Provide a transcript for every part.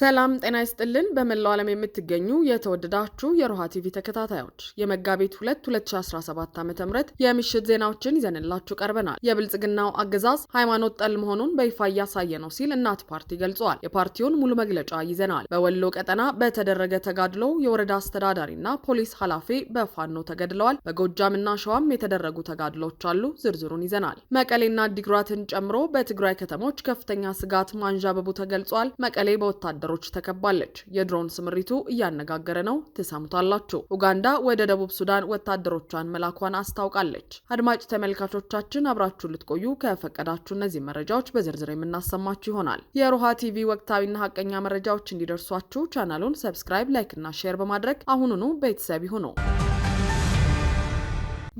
ሰላም ጤና ይስጥልን። በመላው ዓለም የምትገኙ የተወደዳችሁ የሮሃ ቲቪ ተከታታዮች የመጋቢት 2 2017 ዓ ም የምሽት ዜናዎችን ይዘንላችሁ ቀርበናል። የብልጽግናው አገዛዝ ሃይማኖት ጠል መሆኑን በይፋ እያሳየ ነው ሲል እናት ፓርቲ ገልጿል። የፓርቲውን ሙሉ መግለጫ ይዘናል። በወሎ ቀጠና በተደረገ ተጋድሎ የወረዳ አስተዳዳሪና ፖሊስ ኃላፊ በፋኖ ተገድለዋል። በጎጃምና ሸዋም የተደረጉ ተጋድሎች አሉ። ዝርዝሩን ይዘናል። መቀሌና ዲግራትን ጨምሮ በትግራይ ከተሞች ከፍተኛ ስጋት ማንዣበቡ ተገልጿል። መቀሌ በወታደ በዶላሮች ተከባለች። የድሮን ስምሪቱ እያነጋገረ ነው፣ ትሰምቷላችሁ። ኡጋንዳ ወደ ደቡብ ሱዳን ወታደሮቿን መላኳን አስታውቃለች። አድማጭ ተመልካቾቻችን አብራችሁ ልትቆዩ ከፈቀዳችሁ እነዚህ መረጃዎች በዝርዝር የምናሰማችሁ ይሆናል። የሮሃ ቲቪ ወቅታዊና ሀቀኛ መረጃዎች እንዲደርሷችሁ ቻናሉን ሰብስክራይብ፣ ላይክ እና ሼር በማድረግ አሁኑኑ ቤተሰብ ይሁኑ።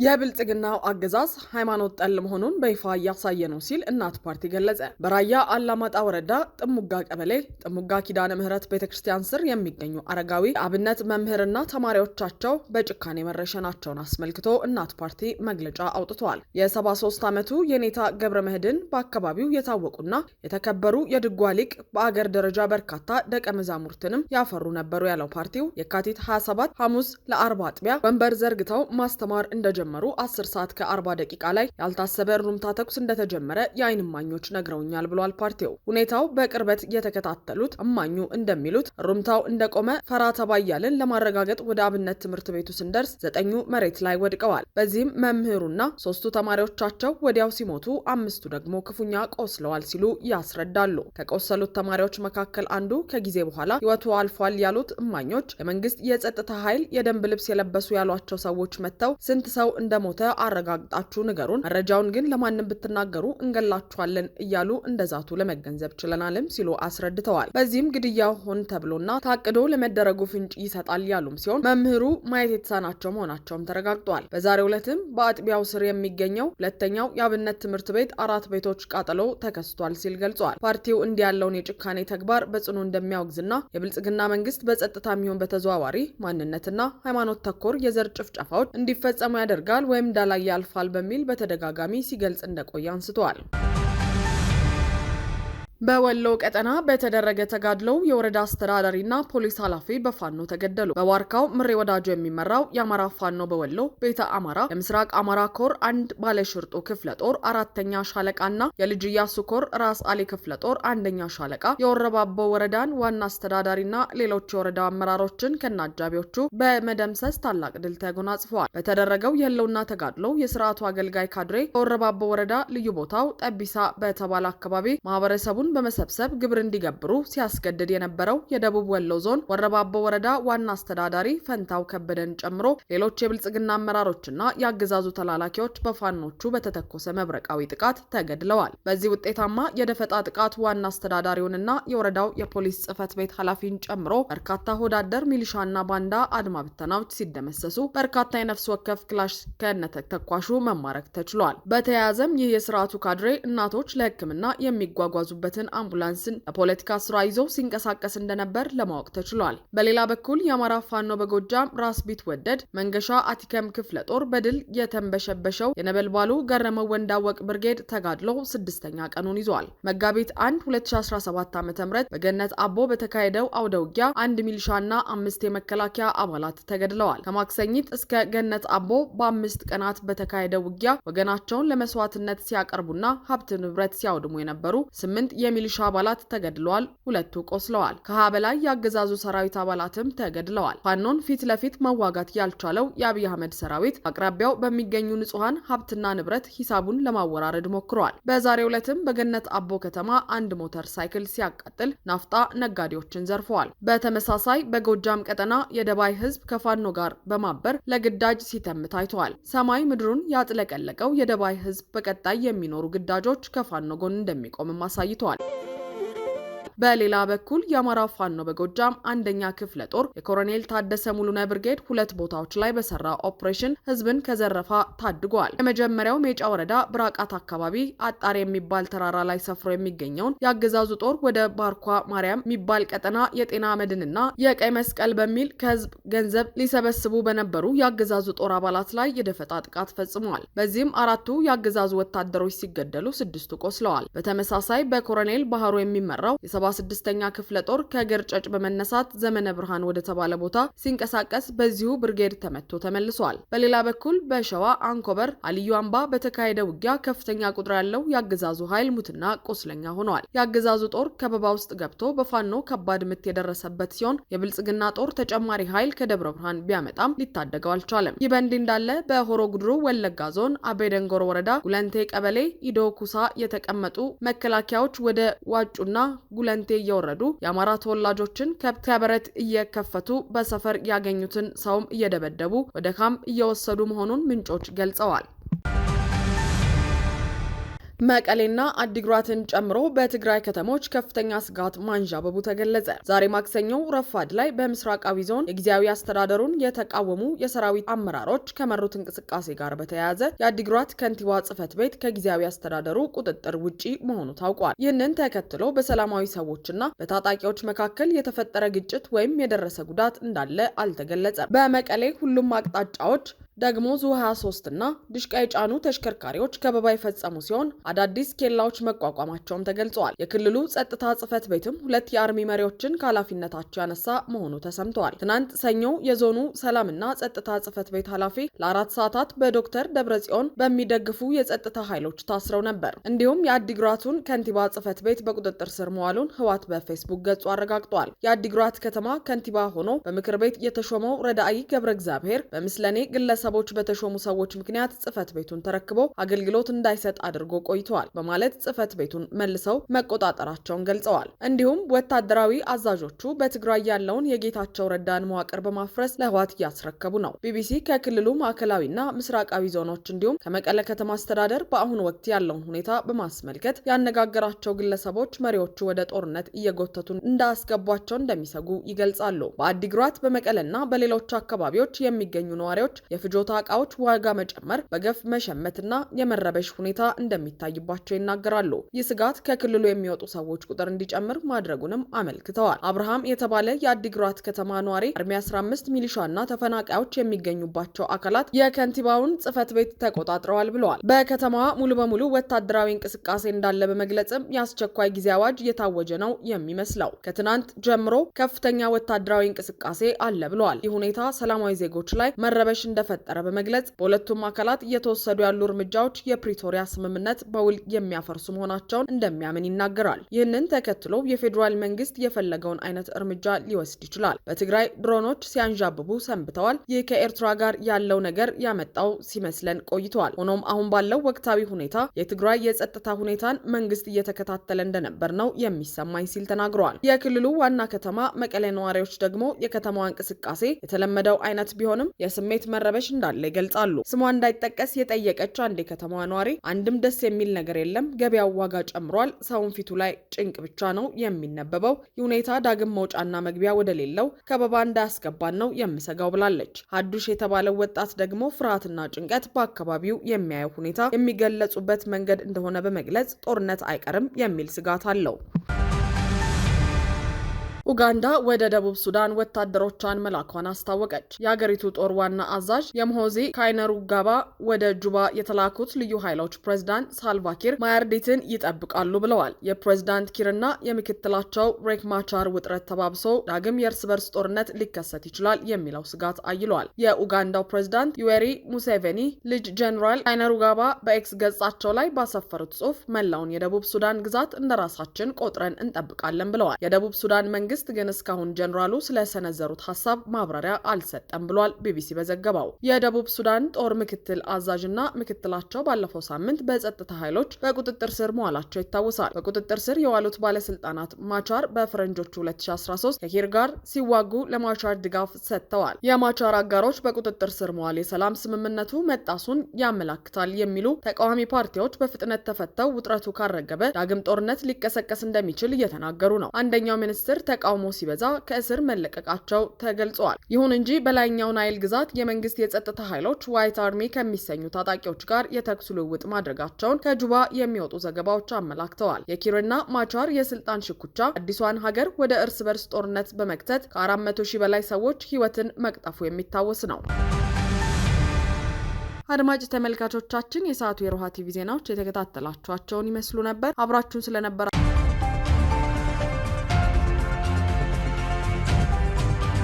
የብልጽግናው አገዛዝ ሃይማኖት ጠል መሆኑን በይፋ እያሳየ ነው ሲል እናት ፓርቲ ገለጸ። በራያ አላማጣ ወረዳ ጥሙጋ ቀበሌ ጥሙጋ ኪዳነ ምህረት ቤተ ክርስቲያን ስር የሚገኙ አረጋዊ አብነት መምህርና ተማሪዎቻቸው በጭካኔ መረሸናቸውን አስመልክቶ እናት ፓርቲ መግለጫ አውጥተዋል። የ73 ዓመቱ የኔታ ገብረ መድህን በአካባቢው የታወቁና የተከበሩ የድጓ ሊቅ በአገር ደረጃ በርካታ ደቀ መዛሙርትንም ያፈሩ ነበሩ ያለው ፓርቲው የካቲት 27 ሐሙስ ለአርባ አጥቢያ ወንበር ዘርግተው ማስተማር እንደ ከጀመሩ 10 ሰዓት ከ40 ደቂቃ ላይ ያልታሰበ እሩምታ ተኩስ እንደተጀመረ የአይን እማኞች ነግረውኛል ብሏል። ፓርቲው ሁኔታው በቅርበት የተከታተሉት እማኙ እንደሚሉት ሩምታው እንደቆመ ፈራ ተባያልን ለማረጋገጥ ወደ አብነት ትምህርት ቤቱ ስንደርስ ዘጠኙ መሬት ላይ ወድቀዋል። በዚህም መምህሩና ሶስቱ ተማሪዎቻቸው ወዲያው ሲሞቱ፣ አምስቱ ደግሞ ክፉኛ ቆስለዋል ሲሉ ያስረዳሉ። ከቆሰሉት ተማሪዎች መካከል አንዱ ከጊዜ በኋላ ሕይወቱ አልፏል ያሉት እማኞች የመንግስት የጸጥታ ኃይል የደንብ ልብስ የለበሱ ያሏቸው ሰዎች መጥተው ስንት ሰው ሰው እንደሞተ አረጋግጣችሁ ንገሩን፣ መረጃውን ግን ለማንም ብትናገሩ እንገላችኋለን እያሉ እንደዛቱ ለመገንዘብ ችለናልም ሲሉ አስረድተዋል። በዚህም ግድያ ሆን ተብሎና ታቅዶ ለመደረጉ ፍንጭ ይሰጣል ያሉም ሲሆን መምህሩ ማየት የተሳናቸው መሆናቸውም ተረጋግጧል። በዛሬው ዕለትም በአጥቢያው ስር የሚገኘው ሁለተኛው የአብነት ትምህርት ቤት አራት ቤቶች ቃጠሎ ተከስቷል ሲል ገልጿል። ፓርቲው እንዲህ ያለውን የጭካኔ ተግባር በጽኑ እንደሚያወግዝና የብልጽግና መንግስት በጸጥታ የሚሆን በተዘዋዋሪ ማንነትና ሃይማኖት ተኮር የዘር ጭፍጨፋዎች እንዲፈጸሙ ያደርጋል ያደርጋል ወይም እንዳላየ ያልፋል በሚል በተደጋጋሚ ሲገልጽ እንደቆየ አንስተዋል። በወሎ ቀጠና በተደረገ ተጋድለው የወረዳ አስተዳዳሪና ፖሊስ ኃላፊ በፋኖ ተገደሉ። በዋርካው ምሬ ወዳጆ የሚመራው የአማራ ፋኖ በወሎ ቤተ አማራ የምስራቅ አማራ ኮር አንድ ባለሽርጡ ክፍለ ጦር አራተኛ ሻለቃና የልጅ ኢያሱ ኮር ራስ አሊ ክፍለ ጦር አንደኛ ሻለቃ የወረባቦ ወረዳን ዋና አስተዳዳሪና ሌሎች የወረዳ አመራሮችን ከነአጃቢዎቹ በመደምሰስ ታላቅ ድል ተጎናጽፈዋል። በተደረገው የህልውና ተጋድሎ የስርዓቱ አገልጋይ ካድሬ ከወረባቦ ወረዳ ልዩ ቦታው ጠቢሳ በተባለ አካባቢ ማህበረሰቡን በመሰብሰብ ግብር እንዲገብሩ ሲያስገድድ የነበረው የደቡብ ወሎ ዞን ወረባቦ ወረዳ ዋና አስተዳዳሪ ፈንታው ከበደን ጨምሮ ሌሎች የብልጽግና አመራሮችና የአገዛዙ ተላላኪዎች በፋኖቹ በተተኮሰ መብረቃዊ ጥቃት ተገድለዋል። በዚህ ውጤታማ የደፈጣ ጥቃት ዋና አስተዳዳሪውንና የወረዳው የፖሊስ ጽሕፈት ቤት ኃላፊን ጨምሮ በርካታ ሆዳደር ሚሊሻና ባንዳ አድማ ብተናዎች ሲደመሰሱ በርካታ የነፍስ ወከፍ ክላሽ ተኳሹ መማረክ ተችሏል። በተያያዘም ይህ የስርዓቱ ካድሬ እናቶች ለሕክምና የሚጓጓዙበትን ያለበትን አምቡላንስን ለፖለቲካ ስራ ይዞ ሲንቀሳቀስ እንደነበር ለማወቅ ተችሏል። በሌላ በኩል የአማራ ፋኖ በጎጃም ራስ ወደድ፣ መንገሻ አቲከም ክፍለ ጦር በድል የተንበሸበሸው የነበልባሉ ገረመው ወንዳወቅ ብርጌድ ተጋድሎ ስድስተኛ ቀኑን ይዟል። መጋቢት 1 2017 ዓ ም በገነት አቦ በተካሄደው አውደ ውጊያ አንድ ሚሊሻና አምስት የመከላከያ አባላት ተገድለዋል። ከማክሰኝት እስከ ገነት አቦ በአምስት ቀናት በተካሄደው ውጊያ ወገናቸውን ለመስዋዕትነት ሲያቀርቡና ሀብት ንብረት ሲያውድሙ የነበሩ ስምንት የ የሚሊሻ አባላት ተገድለዋል፣ ሁለቱ ቆስለዋል። ከሀያ በላይ የአገዛዙ ሰራዊት አባላትም ተገድለዋል። ፋኖን ፊት ለፊት መዋጋት ያልቻለው የአብይ አህመድ ሰራዊት አቅራቢያው በሚገኙ ንጹሐን ሀብትና ንብረት ሂሳቡን ለማወራረድ ሞክረዋል። በዛሬው ዕለትም በገነት አቦ ከተማ አንድ ሞተር ሳይክል ሲያቃጥል ናፍጣ ነጋዴዎችን ዘርፈዋል። በተመሳሳይ በጎጃም ቀጠና የደባይ ህዝብ ከፋኖ ጋር በማበር ለግዳጅ ሲተም ታይተዋል። ሰማይ ምድሩን ያጥለቀለቀው የደባይ ህዝብ በቀጣይ የሚኖሩ ግዳጆች ከፋኖ ጎን እንደሚቆምም አሳይተዋል። Thank you. በሌላ በኩል የአማራ ፋኖ በጎጃም አንደኛ ክፍለ ጦር የኮሎኔል ታደሰ ሙሉነ ብርጌድ ሁለት ቦታዎች ላይ በሰራ ኦፕሬሽን ህዝብን ከዘረፋ ታድጓል። የመጀመሪያው ሜጫ ወረዳ ብራቃት አካባቢ አጣሪ የሚባል ተራራ ላይ ሰፍሮ የሚገኘውን የአገዛዙ ጦር ወደ ባርኳ ማርያም የሚባል ቀጠና የጤና መድንና የቀይ መስቀል በሚል ከህዝብ ገንዘብ ሊሰበስቡ በነበሩ የአገዛዙ ጦር አባላት ላይ የደፈጣ ጥቃት ፈጽሟል። በዚህም አራቱ የአገዛዙ ወታደሮች ሲገደሉ፣ ስድስቱ ቆስለዋል። በተመሳሳይ በኮሎኔል ባህሩ የሚመራው የሰባ 46 ክፍለ ጦር ከግርጨጭ በመነሳት ዘመነ ብርሃን ወደ ተባለ ቦታ ሲንቀሳቀስ በዚሁ ብርጌድ ተመቶ ተመልሷል። በሌላ በኩል በሸዋ አንኮበር አልዩ አምባ በተካሄደ ውጊያ ከፍተኛ ቁጥር ያለው የአገዛዙ ኃይል ሙትና ቁስለኛ ሆኗል። የአገዛዙ ጦር ከበባ ውስጥ ገብቶ በፋኖ ከባድ ምት የደረሰበት ሲሆን የብልጽግና ጦር ተጨማሪ ኃይል ከደብረ ብርሃን ቢያመጣም ሊታደገው አልቻለም። ይህ በእንዲህ እንዳለ በሆሮ ጉድሩ ወለጋ ዞን አቤደንጎር ወረዳ ጉለንቴ ቀበሌ ኢዶ ኩሳ የተቀመጡ መከላከያዎች ወደ ዋጩና ጉለን ከከንቴ እየወረዱ የአማራ ተወላጆችን ከብት ከበረት እየከፈቱ በሰፈር ያገኙትን ሰውም እየደበደቡ ወደ ካም እየወሰዱ መሆኑን ምንጮች ገልጸዋል። መቀሌና አዲግራትን ጨምሮ በትግራይ ከተሞች ከፍተኛ ስጋት ማንዣበቡ ተገለጸ። ዛሬ ማክሰኞ ረፋድ ላይ በምስራቃዊ ዞን የጊዜያዊ አስተዳደሩን የተቃወሙ የሰራዊት አመራሮች ከመሩት እንቅስቃሴ ጋር በተያያዘ የአዲግራት ከንቲባ ጽሕፈት ቤት ከጊዜያዊ አስተዳደሩ ቁጥጥር ውጪ መሆኑ ታውቋል። ይህንን ተከትሎ በሰላማዊ ሰዎችና በታጣቂዎች መካከል የተፈጠረ ግጭት ወይም የደረሰ ጉዳት እንዳለ አልተገለጸም። በመቀሌ ሁሉም አቅጣጫዎች ደግሞ ዙ 23 እና ድሽቃ የጫኑ ተሽከርካሪዎች ከበባ የፈጸሙ ሲሆን አዳዲስ ኬላዎች መቋቋማቸውም ተገልጸዋል። የክልሉ ጸጥታ ጽሕፈት ቤትም ሁለት የአርሚ መሪዎችን ከኃላፊነታቸው ያነሳ መሆኑ ተሰምተዋል። ትናንት ሰኞ የዞኑ ሰላምና ጸጥታ ጽህፈት ቤት ኃላፊ ለአራት ሰዓታት በዶክተር ደብረጽዮን በሚደግፉ የጸጥታ ኃይሎች ታስረው ነበር። እንዲሁም የአዲግራቱን ከንቲባ ጽህፈት ቤት በቁጥጥር ስር መዋሉን ህዋት በፌስቡክ ገጹ አረጋግጧል። የአዲግራት ከተማ ከንቲባ ሆኖ በምክር ቤት የተሾመው ረዳኢ ገብረ እግዚአብሔር በምስለኔ ግለሰብ ግለሰቦች በተሾሙ ሰዎች ምክንያት ጽህፈት ቤቱን ተረክቦ አገልግሎት እንዳይሰጥ አድርጎ ቆይተዋል በማለት ጽህፈት ቤቱን መልሰው መቆጣጠራቸውን ገልጸዋል። እንዲሁም ወታደራዊ አዛዦቹ በትግራይ ያለውን የጌታቸው ረዳን መዋቅር በማፍረስ ለህዋት እያስረከቡ ነው። ቢቢሲ ከክልሉ ማዕከላዊና ምስራቃዊ ዞኖች እንዲሁም ከመቀለ ከተማ አስተዳደር በአሁኑ ወቅት ያለውን ሁኔታ በማስመልከት ያነጋገራቸው ግለሰቦች መሪዎቹ ወደ ጦርነት እየጎተቱ እንዳያስገቧቸው እንደሚሰጉ ይገልጻሉ። በአዲግራት በመቀለና በሌሎች አካባቢዎች የሚገኙ ነዋሪዎች የፍጆ የፍጆታ እቃዎች ዋጋ መጨመር፣ በገፍ መሸመትና የመረበሽ ሁኔታ እንደሚታይባቸው ይናገራሉ። ይህ ስጋት ከክልሉ የሚወጡ ሰዎች ቁጥር እንዲጨምር ማድረጉንም አመልክተዋል። አብርሃም የተባለ የአዲግራት ከተማ ነዋሪ አርሚ 15 ሚሊሻና ተፈናቃዮች የሚገኙባቸው አካላት የከንቲባውን ጽህፈት ቤት ተቆጣጥረዋል ብለዋል። በከተማዋ ሙሉ በሙሉ ወታደራዊ እንቅስቃሴ እንዳለ በመግለጽም የአስቸኳይ ጊዜ አዋጅ እየታወጀ ነው የሚመስለው። ከትናንት ጀምሮ ከፍተኛ ወታደራዊ እንቅስቃሴ አለ ብለዋል። ይህ ሁኔታ ሰላማዊ ዜጎች ላይ መረበሽ እንደፈ እንደተፈጠረ በመግለጽ በሁለቱም አካላት እየተወሰዱ ያሉ እርምጃዎች የፕሪቶሪያ ስምምነት በውል የሚያፈርሱ መሆናቸውን እንደሚያምን ይናገራል። ይህንን ተከትሎ የፌዴራል መንግስት የፈለገውን አይነት እርምጃ ሊወስድ ይችላል። በትግራይ ድሮኖች ሲያንዣብቡ ሰንብተዋል። ይህ ከኤርትራ ጋር ያለው ነገር ያመጣው ሲመስለን ቆይተዋል። ሆኖም አሁን ባለው ወቅታዊ ሁኔታ የትግራይ የጸጥታ ሁኔታን መንግስት እየተከታተለ እንደነበር ነው የሚሰማኝ ሲል ተናግረዋል። የክልሉ ዋና ከተማ መቀሌ ነዋሪዎች ደግሞ የከተማዋ እንቅስቃሴ የተለመደው አይነት ቢሆንም የስሜት መረበሽ እንዳለ ይገልጻሉ። ስሟ እንዳይጠቀስ የጠየቀች አንድ የከተማ ነዋሪ አንድም ደስ የሚል ነገር የለም፣ ገበያው ዋጋ ጨምሯል፣ ሰውን ፊቱ ላይ ጭንቅ ብቻ ነው የሚነበበው። የሁኔታ ዳግም መውጫና መግቢያ ወደሌለው ከበባ እንዳያስገባን ነው የምሰጋው ብላለች። ሀዱሽ የተባለው ወጣት ደግሞ ፍርሃትና ጭንቀት በአካባቢው የሚያየው ሁኔታ የሚገለጹበት መንገድ እንደሆነ በመግለጽ ጦርነት አይቀርም የሚል ስጋት አለው። ኡጋንዳ ወደ ደቡብ ሱዳን ወታደሮቿን መላኳን አስታወቀች። የአገሪቱ ጦር ዋና አዛዥ የምሆዜ ካይነሩጋባ ወደ ጁባ የተላኩት ልዩ ኃይሎች ፕሬዝዳንት ሳልቫኪር ማያርዲትን ይጠብቃሉ ብለዋል። የፕሬዚዳንት ኪርና የምክትላቸው ሬክ ማቻር ውጥረት ተባብሶ ዳግም የእርስ በርስ ጦርነት ሊከሰት ይችላል የሚለው ስጋት አይሏል። የኡጋንዳው ፕሬዝዳንት ዩዌሪ ሙሴቬኒ ልጅ ጀኔራል ካይነሩጋባ በኤክስ ገጻቸው ላይ ባሰፈሩት ጽሑፍ መላውን የደቡብ ሱዳን ግዛት እንደራሳችን ቆጥረን እንጠብቃለን ብለዋል። የደቡብ ሱዳን መንግስት መንግስት ግን እስካሁን ጀኔራሉ ስለሰነዘሩት ሀሳብ ማብራሪያ አልሰጠም ብሏል ቢቢሲ በዘገባው። የደቡብ ሱዳን ጦር ምክትል አዛዥና ምክትላቸው ባለፈው ሳምንት በጸጥታ ኃይሎች በቁጥጥር ስር መዋላቸው ይታወሳል። በቁጥጥር ስር የዋሉት ባለስልጣናት ማቻር በፈረንጆቹ 2013 ከኪር ጋር ሲዋጉ ለማቻር ድጋፍ ሰጥተዋል። የማቻር አጋሮች በቁጥጥር ስር መዋል የሰላም ስምምነቱ መጣሱን ያመላክታል የሚሉ ተቃዋሚ ፓርቲዎች በፍጥነት ተፈተው ውጥረቱ ካረገበ ዳግም ጦርነት ሊቀሰቀስ እንደሚችል እየተናገሩ ነው። አንደኛው ሚኒስትር ተቃውሞ ሲበዛ ከእስር መለቀቃቸው ተገልጿል። ይሁን እንጂ በላይኛው ናይል ግዛት የመንግስት የጸጥታ ኃይሎች ዋይት አርሚ ከሚሰኙ ታጣቂዎች ጋር የተኩስ ልውውጥ ማድረጋቸውን ከጁባ የሚወጡ ዘገባዎች አመላክተዋል። የኪርና ማቻር የስልጣን ሽኩቻ አዲሷን ሀገር ወደ እርስ በርስ ጦርነት በመክተት ከ400 ሺህ በላይ ሰዎች ህይወትን መቅጠፉ የሚታወስ ነው። አድማጭ ተመልካቾቻችን የሰዓቱ የሮሃ ቲቪ ዜናዎች የተከታተላችኋቸውን ይመስሉ ነበር። አብራችሁን ስለነበራ